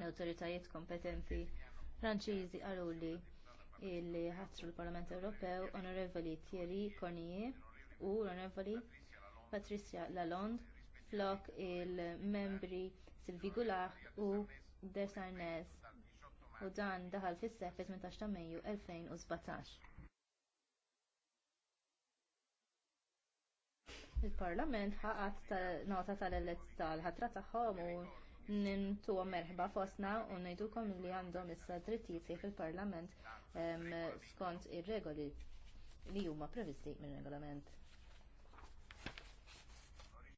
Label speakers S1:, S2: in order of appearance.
S1: l-autoritajiet kompetenti Franċiżi għaluli li ħatru l-Parlament Ewropew Onorevoli Thierry Cornier u Onorevoli Patricia Lalonde flok il-membri Silvi Goulart u Desarnez u dan daħal fis seħħ fis-18 ta' Mejju 2017. Il-Parlament ħaqat nota tal-elezz tal-ħatra tagħhom u nintu merħba fostna u ngħidulkom li għandhom issa drittijiet fil-parlament skont ir-regoli li huma previsti mir regolament